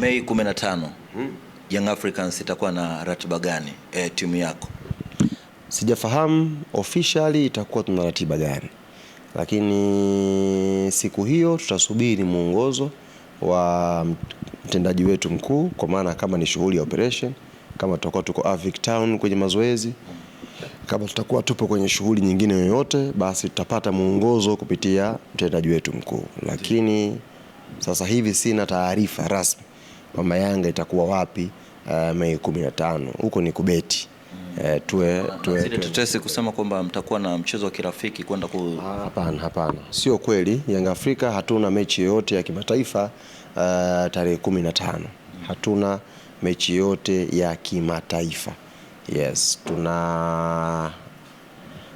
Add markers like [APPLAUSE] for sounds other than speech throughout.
Mei 15 hmm. Young Africans itakuwa na ratiba gani e, timu yako? Sijafahamu officially itakuwa tuna ratiba gani, lakini siku hiyo tutasubiri mwongozo wa mtendaji wetu mkuu, kwa maana kama ni shughuli ya operation, kama tutakuwa tuko Avic Town kwenye mazoezi, kama tutakuwa tupo kwenye shughuli nyingine yoyote, basi tutapata mwongozo kupitia mtendaji wetu mkuu, lakini sasa hivi sina taarifa rasmi mama Yanga itakuwa wapi uh, Mei kumi na tano. Huko ni kubeti mm. E, eh, tuwe, tuwe, zile tetesi kusema kwamba mtakuwa na mchezo wa kirafiki kwenda ku... Ah, hapana, hapana, sio kweli. Yanga Afrika hatuna mechi yoyote ya kimataifa uh, tarehe kumi na tano. Mm. Hatuna mechi yoyote ya kimataifa yes. Tuna,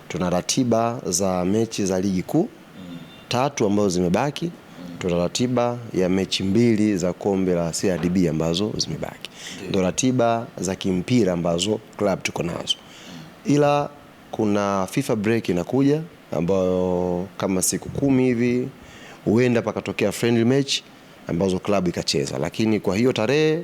tuna ratiba za mechi za ligi kuu mm. tatu ambazo zimebaki tuna ratiba ya mechi mbili za kombe la CRDB ambazo zimebaki, ndio ratiba za kimpira ambazo club tuko nazo, ila kuna FIFA break inakuja ambayo kama siku kumi hivi huenda pakatokea friendly match ambazo klabu ikacheza, lakini kwa hiyo tarehe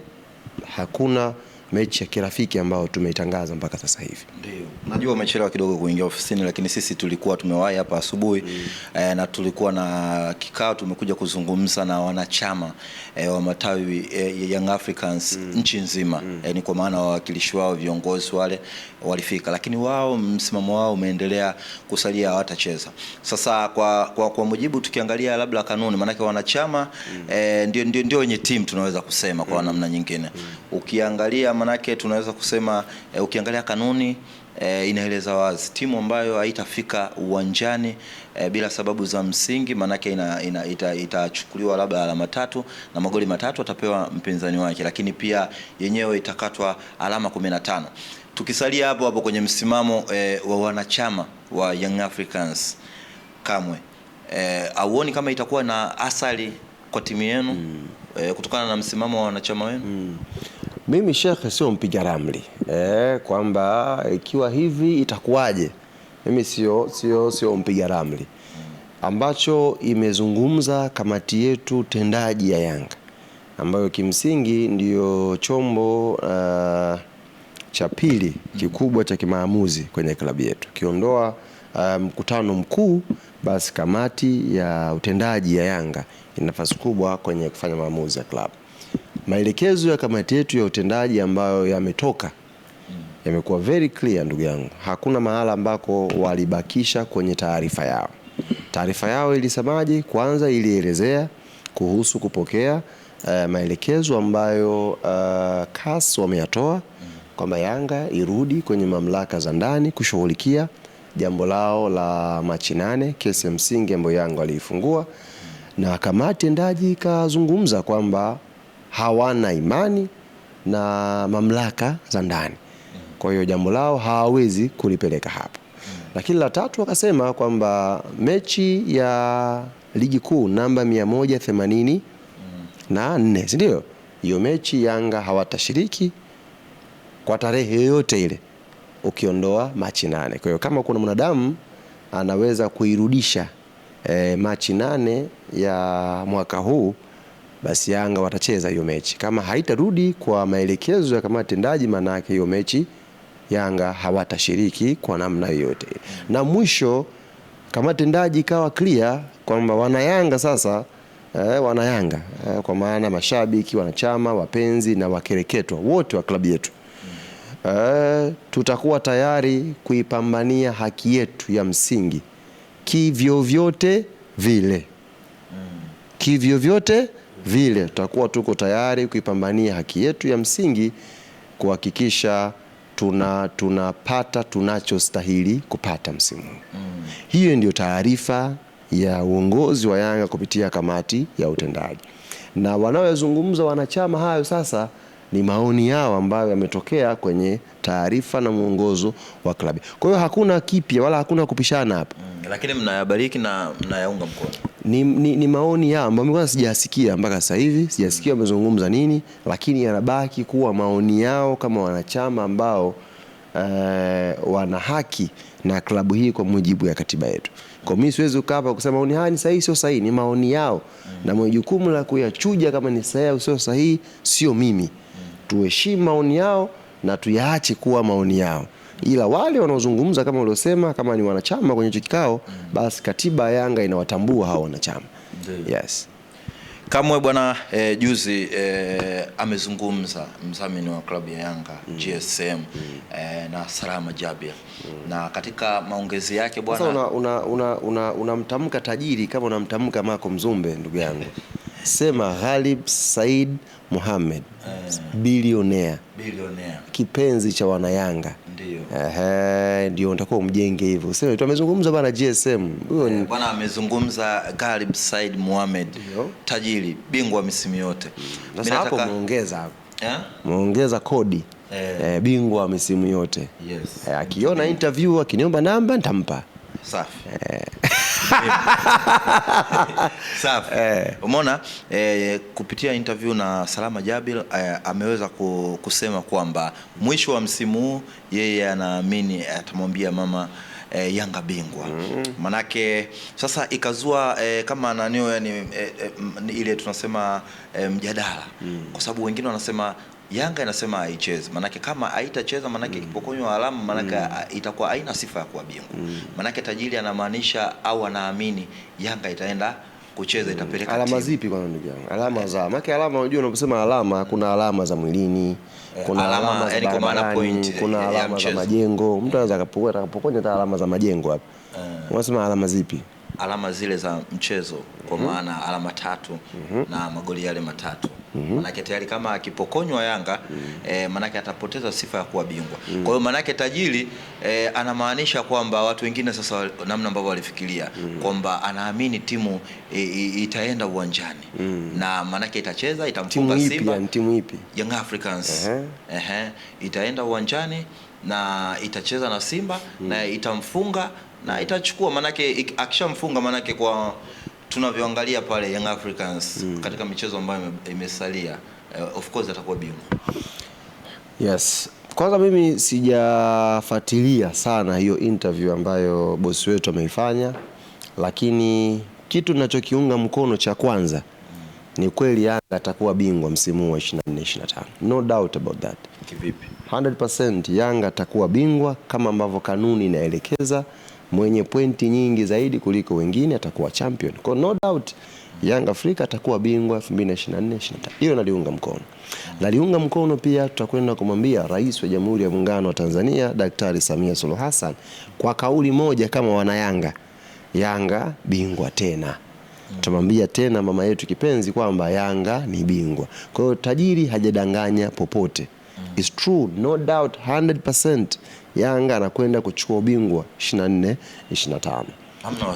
hakuna mechi ya kirafiki ambayo tumeitangaza mpaka sasa hivi. Ndio. Najua umechelewa kidogo kuingia ofisini, lakini sisi tulikuwa tumewahi hapa asubuhi mm. E, na tulikuwa na kikao, tumekuja kuzungumza na wanachama e, wa matawi e, Young Africans mm. nchi nzima mm. E, ni kwa maana wawakilishi wao viongozi wale walifika, lakini wao msimamo wao umeendelea kusalia, hawatacheza sasa kwa, kwa, kwa mujibu tukiangalia labda kanuni, maanake wanachama mm. e, ndio wenye timu tunaweza kusema kwa mm. namna nyingine mm. ukiangalia manake tunaweza kusema e, ukiangalia kanuni e, inaeleza wazi timu ambayo haitafika uwanjani e, bila sababu za msingi, maanake itachukuliwa ita, ita labda alama tatu na magoli matatu atapewa mpinzani wake, lakini pia yenyewe itakatwa alama 15. Tukisalia hapo hapo kwenye msimamo e, wa wanachama wa Young Africans kamwe e, auoni kama itakuwa na athari kwa timu yenu mm. E, kutokana na msimamo wa wanachama wenu mm. Mimi shekhe, sio mpiga ramli e, kwamba ikiwa hivi itakuwaje. Mimi sio sio sio mpiga ramli. Ambacho imezungumza kamati yetu tendaji ya Yanga ambayo kimsingi ndiyo chombo uh, cha pili kikubwa cha kimaamuzi kwenye klabu yetu, kiondoa uh, mkutano um, mkuu, basi kamati ya utendaji ya Yanga ina nafasi kubwa kwenye kufanya maamuzi ya klabu maelekezo ya kamati yetu ya utendaji ambayo yametoka yamekuwa very clear, ndugu yangu, hakuna mahala ambako walibakisha kwenye taarifa yao. Taarifa yao ilisemaje? Kwanza ilielezea kuhusu kupokea uh, maelekezo ambayo uh, CAS wameyatoa kwamba Yanga irudi kwenye mamlaka za ndani kushughulikia jambo lao la Machi nane, kesi ya msingi ambayo Yanga waliifungua, na kamati tendaji ikazungumza kwamba hawana imani na mamlaka za ndani, kwa hiyo jambo lao hawawezi kulipeleka hapo. Lakini la tatu wakasema kwamba mechi ya ligi kuu namba 184 si ndio? Hiyo mechi Yanga hawatashiriki kwa tarehe yoyote ile ukiondoa Machi nane. Kwa hiyo kama kuna mwanadamu anaweza kuirudisha e, Machi nane ya mwaka huu basi Yanga watacheza hiyo mechi. Kama haitarudi kwa maelekezo ya kamati tendaji, maana yake hiyo mechi Yanga hawatashiriki kwa namna yoyote. Na mwisho kamati tendaji ikawa clear kwamba wana Yanga sasa eh, wana Yanga eh, kwa maana mashabiki, wanachama, wapenzi na wakereketwa wote wa klabu yetu eh, tutakuwa tayari kuipambania haki yetu ya msingi kivyovyote vile, kivyovyote vile tutakuwa tuko tayari kuipambania haki yetu ya msingi kuhakikisha tuna tunapata tunachostahili kupata msimu huu. Mm. Hiyo ndiyo taarifa ya uongozi wa Yanga kupitia kamati ya utendaji, na wanaozungumza wanachama hayo sasa ni maoni yao ambayo yametokea kwenye taarifa na mwongozo wa klabu. Kwa hiyo hakuna kipya wala hakuna kupishana hapo. Mm. Lakini mnayabariki na mnayaunga mkono ni, ni, ni maoni ya ambayo mimi sijasikia mpaka sasa hivi, sijasikia wamezungumza nini, lakini yanabaki kuwa maoni yao kama wanachama ambao Uh, wana haki na klabu hii kwa mujibu ya katiba yetu. Kwa mimi siwezi kukaa hapa kusema maoni haya ni sahihi, sio sahihi, ni maoni yao na mwenye jukumu la kuyachuja kama ni sahihi au sio sahihi sio mimi Tuheshimu maoni yao na tuyaache kuwa maoni yao ila wale wanaozungumza kama uliosema, kama ni wanachama kwenye hicho kikao, mm. basi katiba ya Yanga inawatambua hao wanachama. Yes. Kamwe bwana e, juzi e, amezungumza mdhamini wa klabu ya Yanga mm. GSM mm. E, na Salama Jabia mm. na katika maongezi yake bwana unamtamka una, una, una tajiri kama unamtamka Mako Mzumbe ndugu yangu sema Ghalib Said Mohamed eh, bilionea kipenzi cha wanayanga ndio nitakuwa umjenge hivyo. Sasa tumezungumza bana GSM. Huyo eh, ni bwana amezungumza Galib Said Mohamed. Tajiri, bingwa misimu yote. Mm. Sasa hapo muongeza hapo. Eh? Muongeza kodi. Eh, eh bingwa misimu yote. Yes. Eh, akiona interview akiniomba namba nitampa safi eh. [LAUGHS] safi. Eh. Umeona eh, kupitia interview na Salama Jabil eh, ameweza kusema kwamba mwisho wa msimu huu yeye anaamini atamwambia mama eh, Yanga bingwa mm -hmm. Manake sasa ikazua kama nanio yani, ile tunasema mjadala mm Kwa sababu wengine wanasema Yanga inasema haichezi, manake kama haitacheza manake mm. ipokonywa alama manake mm. itakuwa haina sifa ya kuwa bingwa mm. manake tajiri anamaanisha au anaamini Yanga itaenda kucheza mm. itapeleka alama zipi kwa ndugu yangu? Alama za manake alama, unajua unaposema alama, kuna alama za mwilini, eh, kuna alama, alama yani kwa point, eh, kuna alama za majengo. Mtu anaweza akapokonya hata alama za majengo hapo, eh. unasema alama zipi? alama zile za mchezo kwa mhm. maana mm -hmm. alama tatu mm -hmm. na magoli yale matatu mm -hmm. manake tayari kama akipokonywa Yanga mm -hmm. eh, manake atapoteza sifa ya kuwa bingwa mm -hmm. kwa hiyo manake tajiri e, anamaanisha kwamba watu wengine sasa namna ambavyo walifikiria mm -hmm. kwamba anaamini timu e, itaenda uwanjani mm -hmm. na manake itacheza itamfunga Simba timu ipi? Young Africans uh -huh. -huh. itaenda uwanjani na itacheza na Simba mm -hmm. na mhm. itamfunga na itachukua manake, akishamfunga manake, kwa tunavyoangalia pale Young Africans mm. katika michezo ambayo imesalia uh, of course atakuwa bingwa. Yes. Kwanza mimi sijafuatilia sana hiyo interview ambayo bosi wetu ameifanya, lakini kitu ninachokiunga mkono cha kwanza mm. ni kweli Yanga atakuwa bingwa msimu wa 24 25. No doubt about that. Kivipi? 100% Yanga atakuwa bingwa kama ambavyo kanuni inaelekeza mwenye pointi nyingi zaidi kuliko wengine atakuwa champion. Kwa no doubt Young Africa atakuwa bingwa 2024 25. Hilo naliunga mkono. Naliunga mkono pia, tutakwenda kumwambia Rais wa Jamhuri ya Muungano wa Tanzania Daktari Samia Suluhu Hassan kwa kauli moja kama wanayanga, Yanga bingwa tena. Tutamwambia tena mama yetu kipenzi kwamba Yanga ni bingwa. Kwa hiyo tajiri hajadanganya popote mm. is true, no doubt 100% Yanga anakwenda kuchukua ubingwa 24 25.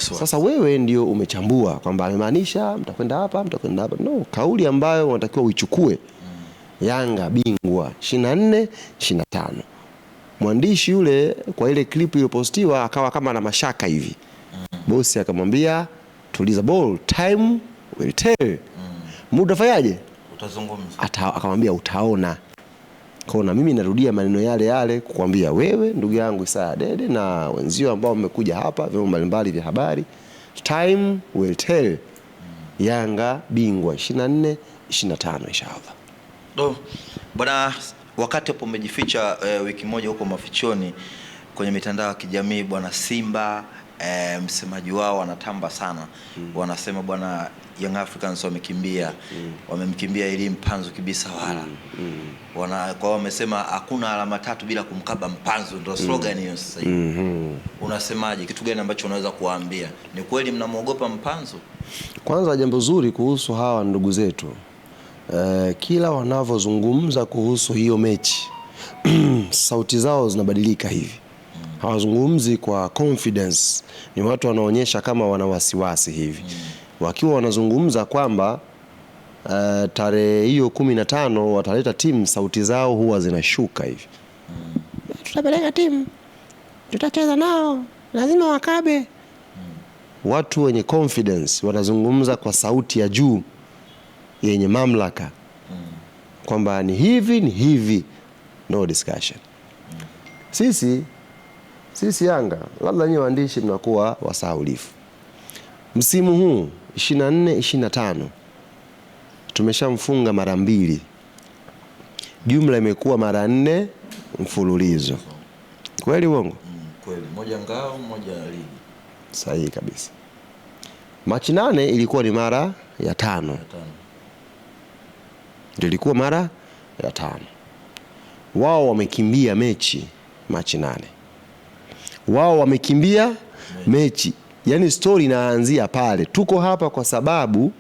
Sasa wewe ndio umechambua kwamba amemaanisha mtakwenda hapa, mtakwenda hapa. No, kauli ambayo unatakiwa uichukue mm. Yanga bingwa 24 25. Mwandishi yule kwa ile klipu iliyopostiwa akawa kama na mashaka hivi mm. Bosi akamwambia tuliza ball, time will tell mm. muda fayaje utazungumza. Akamwambia utaona kona. na mimi narudia maneno yale yale kukwambia wewe ndugu yangu Isaya Dede na wenzio ambao mmekuja hapa, vyombo mbalimbali vya habari, time will tell. Yanga bingwa 24 25 inshallah. Do bwana, wakati hapo umejificha uh, wiki moja huko mafichoni kwenye mitandao ya kijamii bwana Simba eh, msemaji wao wanatamba sana mm. wanasema bwana Young Africans wamekimbia mm. wamemkimbia ili Mpanzu kibisa wala mm. mm. wana kwa wamesema hakuna alama tatu bila kumkaba Mpanzu, ndio mm. slogan hiyo. Sasa mm -hmm. unasemaje, kitu gani ambacho unaweza kuwaambia? Ni kweli mnamwogopa Mpanzu? Kwanza jambo zuri kuhusu hawa ndugu zetu uh, kila wanavyozungumza kuhusu hiyo mechi [CLEARS THROAT] sauti zao zinabadilika hivi hawazungumzi kwa confidence, ni watu wanaonyesha kama wana wasiwasi hivi mm. wakiwa wanazungumza kwamba uh, tarehe hiyo kumi na tano wataleta timu, sauti zao huwa zinashuka hivi mm. tutapeleka timu, tutacheza nao, lazima wakabe mm. watu wenye confidence wanazungumza kwa sauti ya juu yenye mamlaka mm. kwamba ni hivi ni hivi, no discussion mm. sisi sisi Yanga, labda nyinyi waandishi mnakuwa wasahaulifu. Msimu huu 24 25 tumeshamfunga mara mbili, jumla imekuwa mara nne mfululizo. Kweli uongo? Mm, kweli. Moja ngao, moja ligi. Sahihi kabisa. Machi nane ilikuwa ni mara ya tano, ndio ilikuwa mara ya tano. Wao wamekimbia mechi Machi nane wao wamekimbia mechi. Yaani stori inaanzia pale. Tuko hapa kwa sababu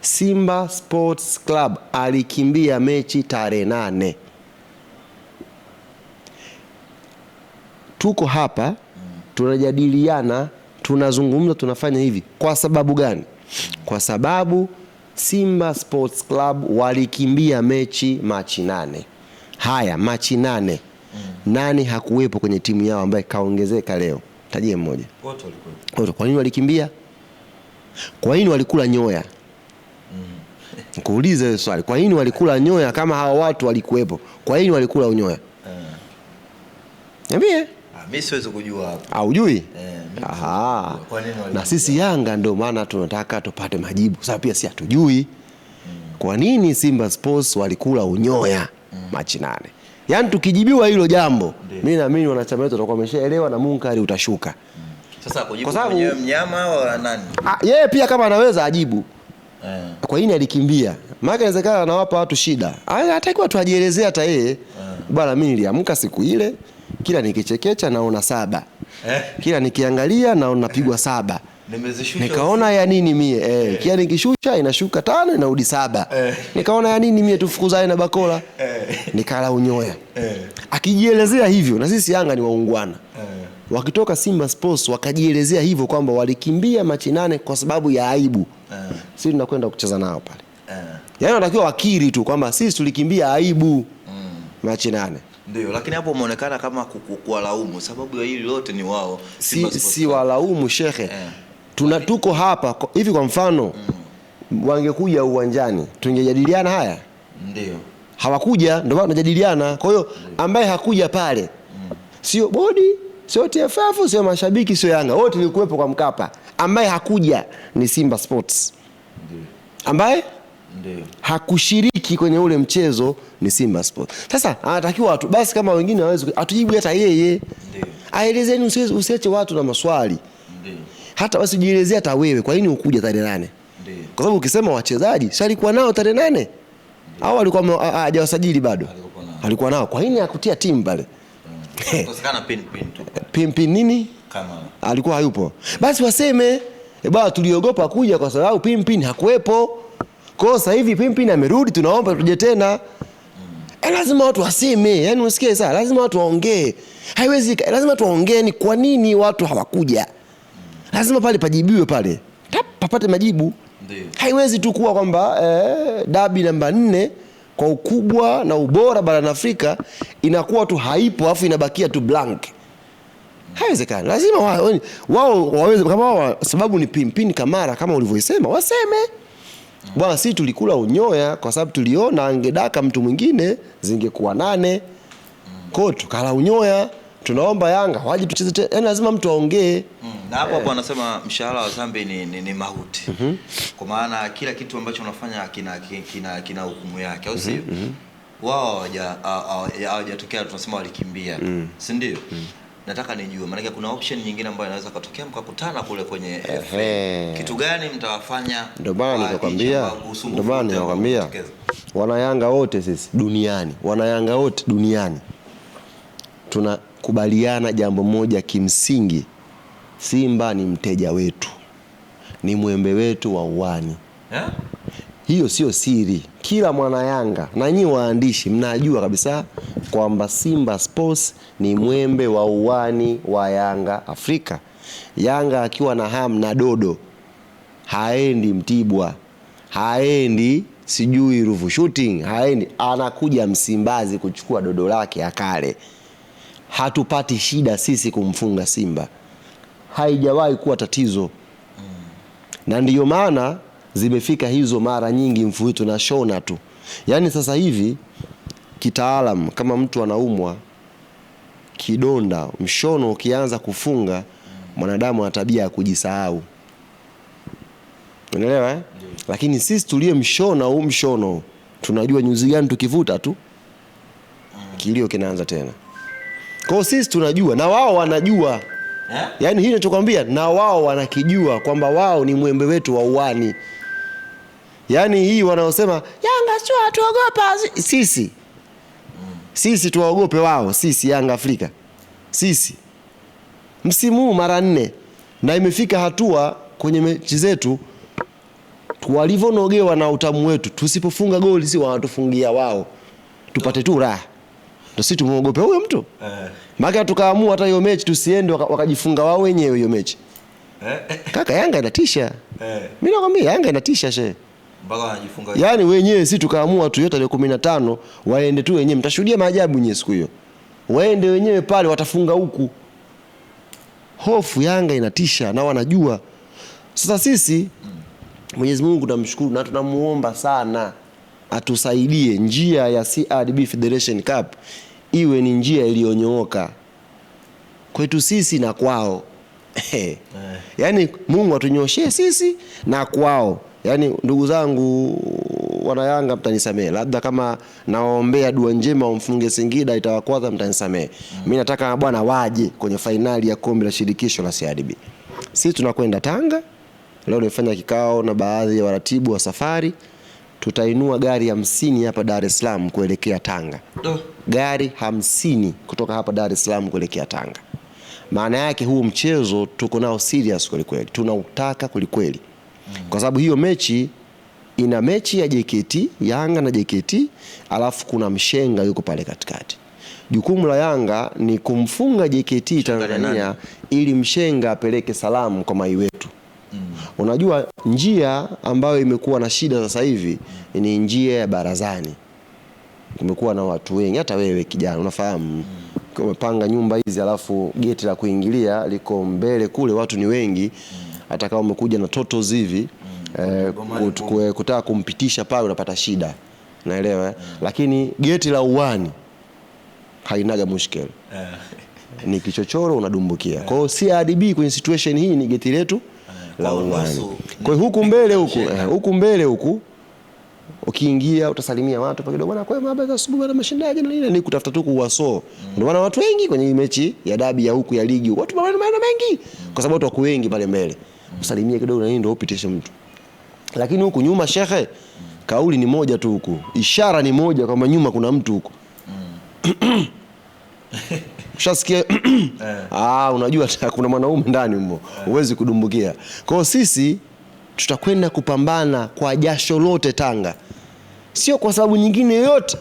Simba Sports Club alikimbia mechi tarehe nane. Tuko hapa tunajadiliana, tunazungumza, tunafanya hivi kwa sababu gani? Kwa sababu Simba Sports Club walikimbia mechi Machi nane. Haya, Machi nane mm. Nani hakuwepo kwenye timu yao ambaye kaongezeka leo? Tajie mmoja. Wote Kwa nini walikimbia? Kwa nini walikula nyoya? Mm. Kuuliza hiyo swali. Kwa nini walikula nyoya kama hawa watu walikuwepo? Kwa nini walikula unyoya? Mm. Eh. Niambie. Ah, mimi siwezi kujua hapo. Ah, hujui? Eh, Aha. Na sisi Yanga ndio maana tunataka tupate majibu. Sasa pia si hatujui. Mm. Kwa nini Simba Sports walikula unyoya mm. Machi nane? Yaani tukijibiwa hilo jambo, mimi naamini wanachama wetu watakuwa wameshaelewa na munkari utashuka. Sasa kujibu mwenyewe mnyama au nani? Ah, yeye pia kama anaweza ajibu. Yeah. Kwa nini alikimbia? Maana inawezekana anawapa watu shida. Ah, Hataki watu ajielezee hata yeye. Eh. Bwana, mimi niliamka siku ile kila nikichekecha naona saba Eh? Kila nikiangalia na napigwa saba nikaona ya nini mie eh, eh. Kila nikishusha inashuka tano inarudi saba eh. Nikaona ya nini mie tufukuzane na Bakola eh. Nikala unyoya eh. Akijielezea hivyo na sisi Yanga ni waungwana eh. Wakitoka Simba Sports wakajielezea hivyo kwamba walikimbia Machi nane kwa sababu ya aibu eh. Sisi tunakwenda kucheza nao pale eh. Yaani wanatakiwa wakiri tu kwamba sisi tulikimbia aibu mm. Machi nane ndio, lakini hapo umeonekana kama kuwalaumu, sababu ya hili lote ni wao. Si, si walaumu shekhe eh. Tuna tuko hapa hivi, kwa mfano mm. wangekuja uwanjani tungejadiliana haya, ndio hawakuja, ndio maana tunajadiliana. Kwa hiyo ambaye hakuja pale mm. sio bodi, sio TFF, sio mashabiki, sio Yanga, wote kuwepo kwa Mkapa. Ambaye hakuja ni Simba Sports, ambaye Ndiyo. hakushiriki kwenye ule mchezo ni Simba Sports. Sasa anatakiwa watu basi, kama wengine hawezi atujibu hata yeye, aelezeni, usiache watu na maswali Ndiyo. hata basi ujielezea hata wewe, kwa nini ukuja tarehe nane? kwa sababu ukisema wachezaji shalikuwa nao tarehe nane au alikuwa hajawasajili bado, alikuwa nao, kwa nini hakutia timu pale? Hmm. pin pin tu pin pin nini, kama alikuwa hayupo basi waseme, e bwana, tuliogopa kuja kwa sababu pin pin hakuwepo kwa hiyo sasa hivi Pimpin amerudi, tunaomba tuje tena. E, lazima watu waseme, yani usikie sasa, lazima watu waongee. Haiwezi, lazima tuongee ni kwa nini watu hawakuja. Lazima pale pajibiwe pale. Tap, papate majibu. Ndiyo. Haiwezi tu kuwa kwamba eh, dabi namba nne kwa ukubwa na ubora barani Afrika inakuwa tu haipo afu inabakia tu blank. Haiwezekani. Lazima wao waweze kama wa, sababu ni Pimpin Kamara kama ulivyosema waseme bwana, si tulikula unyoya kwa sababu tuliona angedaka mtu mwingine zingekuwa nane ko tukala unyoya. Tunaomba Yanga waje tucheze tena, yani lazima mtu aongee mm. Na hapo hapo anasema mshahara wa zambi ni, ni, ni mauti mm -hmm. Kwa maana kila kitu ambacho unafanya kina, kina, kina hukumu yake au mhm, sio? mm -hmm. Wao hawajatokea tunasema walikimbia, mm. si ndio? mm nataka nijue, maanake kuna option nyingine ambayo inaweza katokea mkakutana kule kwenye eh, kitu gani mtawafanya. Ndio maana nikakwambia, ndio maana nikakwambia wanayanga wote sisi duniani, wanayanga wote duniani tunakubaliana jambo moja kimsingi, Simba ni mteja wetu, ni mwembe wetu wa uwani yeah? hiyo sio siri, kila mwana Yanga na nyinyi waandishi mnajua kabisa kwamba Simba Sports ni mwembe wa uwani wa Yanga Afrika. Yanga akiwa na ham na dodo haendi Mtibwa, haendi sijui Ruvu Shooting, haendi, anakuja Msimbazi kuchukua dodo lake akale. Hatupati shida sisi kumfunga Simba, haijawahi kuwa tatizo, mm. na ndiyo maana zimefika hizo mara nyingi, na tunashona tu. Yaani sasa hivi kitaalam, kama mtu anaumwa kidonda, mshono ukianza kufunga, mwanadamu ana tabia ya kujisahau, unaelewa eh? Lakini sisi tulie mshona huu mshono tunajua nyuzi gani, tukivuta tu mm. kilio kinaanza tena. Kwa sisi tunajua na wao wanajua eh? Yaani hii ninachokwambia na wao wanakijua kwamba wao ni mwembe wetu wa uani. Yaani hii wanaosema Yanga sio hatuogopa sisi, sisi tuwaogope wao? Sisi Yanga Afrika, sisi msimu huu mara nne, na imefika hatua kwenye mechi zetu walivonogewa na utamu wetu, tusipofunga goli si wanatufungia wao, tupate tu raha, ndio sisi tumuogope huyo mtu eh. Maana tukaamua hata hiyo mechi tusiende, wakajifunga wao wenyewe hiyo mechi eh. Kaka Yanga inatisha eh. Mimi nakwambia Yanga inatisha shehe yaani wenyewe si tukaamua tu, yote tarehe kumi na tano waende tu wenyewe, mtashuhudia maajabu nyewe siku hiyo, waende wenyewe pale, watafunga huku. Hofu Yanga inatisha na wanajua. Sasa sisi Mwenyezi Mungu tunamshukuru na tunamuomba sana atusaidie njia ya CRDB Federation Cup iwe ni njia iliyonyooka kwetu sisi na kwao. [LAUGHS] Eh. Yaani Mungu atunyoshee sisi na kwao yani, ndugu zangu wanayanga, mtanisamee, labda kama nawaombea dua njema wamfunge Singida itawakwaza, mtanisamee. Mm. Mimi nataka bwana waje kwenye fainali ya kombe la shirikisho la CRDB. Sisi tunakwenda Tanga leo, nimefanya kikao na baadhi ya waratibu wa safari tutainua gari hamsini hapa Dar es Salaam kuelekea Tanga. Gari hamsini kutoka hapa Dar es Salaam kuelekea Tanga. Maana yake huu mchezo tuko nao serious kwelikweli, tunautaka kwelikweli. Mm. kwa sababu hiyo mechi ina mechi ya JKT Yanga na JKT, alafu kuna mshenga yuko pale katikati. Jukumu la Yanga ni kumfunga JKT Tanzania ili mshenga apeleke salamu kwa mai wetu. Mm. Unajua njia ambayo imekuwa na shida sasa hivi ni njia ya barazani. Kumekuwa na watu wengi, hata wewe kijana unafahamu, mm. umepanga nyumba hizi, alafu geti la kuingilia liko mbele kule, watu ni wengi. Mm hata kama umekuja na totals hivi mm, eh, kutaka kumpitisha pale unapata shida, naelewa mm. Eh? Lakini geti la uwani hainaga mushkeli yeah. Ni kichochoro unadumbukia yeah. Kwa hiyo CRDB kwenye situation hii ni geti letu yeah, la uwani. Kwa hiyo huku mbele huku eh, huku mbele huku ukiingia utasalimia watu pa kidogo, bwana, kwa habari za asubuhi, bwana, mashindaje na nini, ni kutafuta tu kuwaso mm. Ndio maana watu wengi kwenye mechi ya dabi ya huku ya ligi watu maana mengi, mm. kwa sababu watu wako wengi pale mbele usalimie kidogo na nini ndio upitishe mtu. Lakini huku nyuma shekhe, kauli ni moja tu huku. Ishara ni moja kwamba nyuma kuna mtu huku. Mm. Ushasikia? [COUGHS] Eh. Ah, unajua kuna mwanaume ndani mmo. Eh. Huwezi kudumbukia. Kwa sisi tutakwenda kupambana kwa jasho lote Tanga. Sio kwa sababu nyingine yoyote,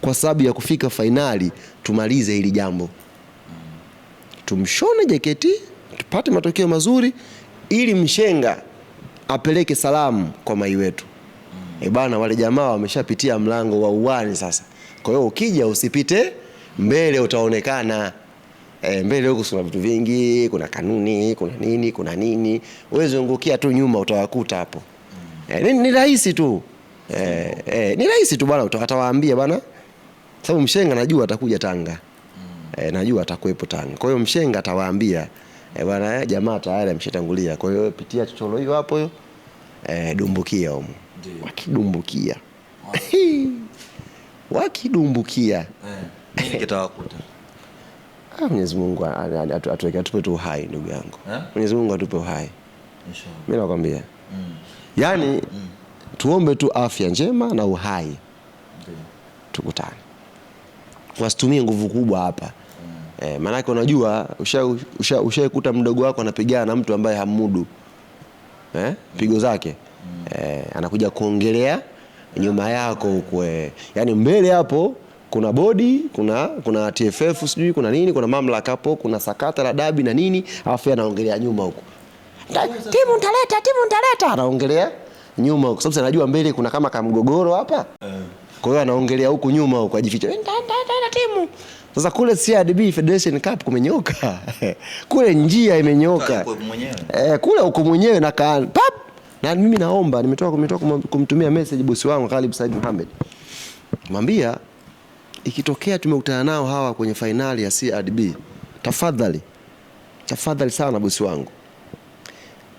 kwa sababu ya kufika fainali tumalize hili jambo. Mm. Tumshone jeketi tupate matokeo mazuri ili mshenga apeleke salamu kwa mai wetu. E bana, wale jamaa wameshapitia mlango wa uwani sasa. Kwa hiyo ukija usipite mbele, utaonekana e, mbele huko kuna vitu vingi, kuna kanuni, kuna nini, kuna nini. Wewe ungukia tu nyuma, utawakuta hapo. E, ni rahisi tu e, e, ni rahisi tu bana, utawatawaambia bana, sababu mshenga najua atakuja Tanga e, najua atakuepo Tanga. Kwa hiyo mshenga atawaambia e bwana, eh, jamaa tayari ameshatangulia. Kwa hiyo pitia chocholo hiyo hapo hiyo, e, dumbukia humo. Wakidumbukia [LAUGHS] wakidumbukia [LAUGHS] ah, Mwenyezi Mungu atuweke atupe tu uhai ndugu yangu. Mwenyezi Mungu atupe uhai. Inshallah. Mimi nakwambia. Mm. Yaani mm. tuombe tu afya njema na uhai. Ndio. Tukutane. Wasitumie nguvu kubwa hapa. E, eh, maanake unajua ushaikuta usha, usha mdogo wako anapigana na mtu ambaye hamudu e, pigo zake e, anakuja kuongelea nyuma yako huko, yaani mbele hapo kuna bodi kuna kuna TFF sijui kuna nini kuna mamlaka hapo kuna sakata la dabi na nini, alafu anaongelea nyuma huko, timu ntaleta timu ntaleta, anaongelea nyuma huko, sababu anajua mbele kuna kama kamgogoro hapa, kwa hiyo anaongelea huku nyuma huko, ajificha timu sasa kule CRDB Federation Cup kumenyoka [LAUGHS] kule njia imenyoka eh, kule uko mwenyewe na kaan pap. Na mimi naomba nimetoka kumtoa kumtumia message bosi wangu Khalid Said Mohamed, mwambia ikitokea tumekutana nao hawa kwenye fainali ya CRDB, tafadhali tafadhali sana bosi wangu,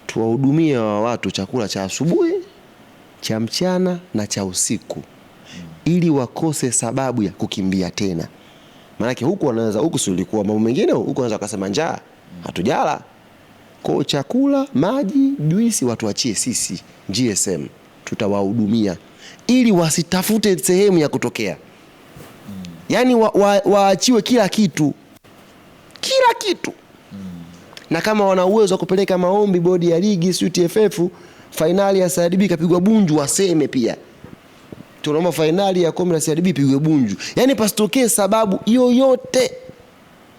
tuwahudumie wa watu chakula cha asubuhi, cha mchana na cha usiku, ili wakose sababu ya kukimbia tena. Maanake huku wanaweza huku sulikuwa mambo mengine huku wanaweza wakasema njaa hatujala. Kwa chakula, maji, juisi watu sisi GSM tutawahudumia ili wasitafute sehemu ya kutokea. Mm. Yaani waachiwe wa, wa kila kitu kila kitu mm. Na kama wana uwezo wa kupeleka maombi bodi ya ligi, si TFF, fainali ya CRDB ikapigwa Bunju, waseme pia tunaomba fainali ya kombe la CRDB ipigwe Bunju, yaani pasitokee sababu yoyote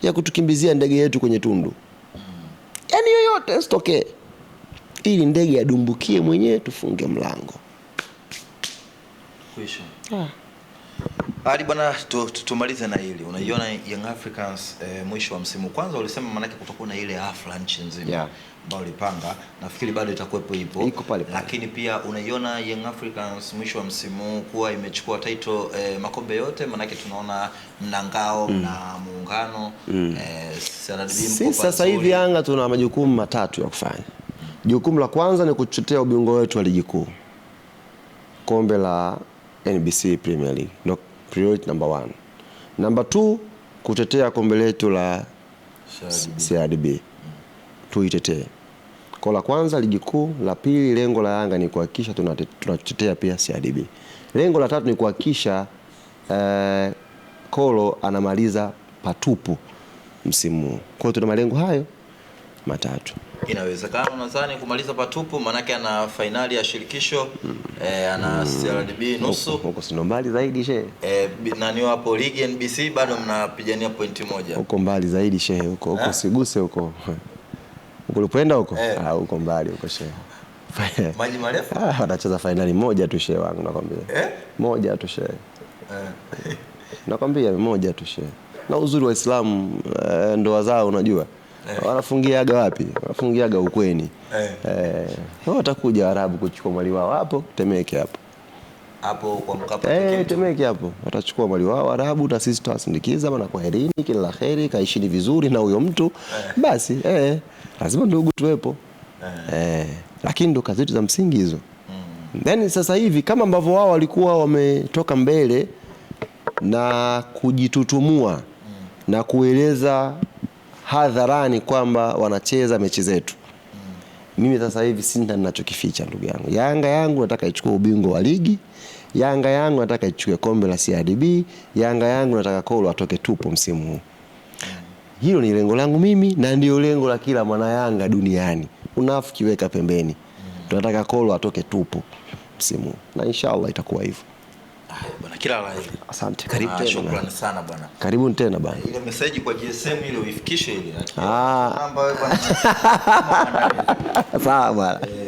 ya kutukimbizia ndege yetu kwenye tundu, yaani yoyote sitokee, ili ndege adumbukie mwenyewe tufunge mlango. Ali ah. bwana, tumalize na hili. Unaiona Young Africans eh, mwisho wa msimu kwanza ulisema maanake kutakuwa na ile hafla nchi nzima yeah ambao ulipanga, nafikiri bado itakuwepo ipo, iko pale pale. Lakini pia unaiona Young Africans mwisho wa msimu kuwa imechukua title eh, makombe yote, maanake tunaona mnangao mm. na muungano mm. eh, si, sasa hivi Yanga tuna majukumu matatu ya kufanya mm. jukumu la kwanza ni kuchotea ubingwa wetu wa ligi kuu, kombe la NBC Premier League ndio priority number one. Number two kutetea kombe letu la CRDB tuitetee. Kwa la kwanza ligi kuu, la pili lengo la Yanga ni kuhakikisha tunatetea pia CRDB. Lengo la tatu ni kuhakikisha eh, Kolo anamaliza patupu msimu huu. Kwa hiyo tuna malengo hayo matatu. Inawezekana nadhani kumaliza patupu, maanake ana fainali ya shirikisho mm. E, ana mm. CRDB nusu huko, sio mbali zaidi shehe e, eh, nani wapo ligi NBC bado mnapigania pointi moja, huko mbali zaidi shehe, huko huko eh? siguse huko huko ulipoenda huko? Eh. Ah, huko mbali huko shehe. [LAUGHS] Maji marefu? Ah, watacheza fainali moja tu shehe wangu nakwambia. Eh? Moja tu shehe. Eh. [LAUGHS] Nakwambia moja tu shehe. Na uzuri wa Uislamu eh, ndoa zao unajua. Eh. Wanafungiaga wapi? Wanafungiaga ukweni. Eh. Eh. Watakuja Waarabu kuchukua mali wao hapo, Temeke hapo. Hapo kwa Mkapa eh, Temeke hapo. Watachukua mali wao Waarabu na sisi tutawasindikiza, maana kwaherini, kila la kheri, kaishini vizuri na huyo mtu. Eh. Basi eh lazima ndugu tuwepo eh. Eh, lakini ndo kazi zetu za msingi hizo mm. Then sasa hivi kama ambavyo wao walikuwa wametoka mbele na kujitutumua mm. na kueleza hadharani kwamba wanacheza mechi zetu mm. mimi sasa hivi sina ninachokificha ndugu yangu. Yanga yangu nataka ichukue ubingwa wa ligi Yanga yangu nataka ichukue kombe la CRDB. Yanga yangu nataka Kolo atoke tupo msimu huu. Hilo ni lengo langu mimi na ndio lengo la kila mwana Yanga duniani. Unafiki weka pembeni, tunataka Kolo atoke tupo msimu na inshallah itakuwa hivyo. Bwana, kila la heri. Asante. Karibu ah, tena. Shukrani sana bwana. Karibu tena bwana. Ile message kwa GSM ile uifikishe ile. Ah. Namba wewe bwana. [LAUGHS] Sawa bwana. Eh,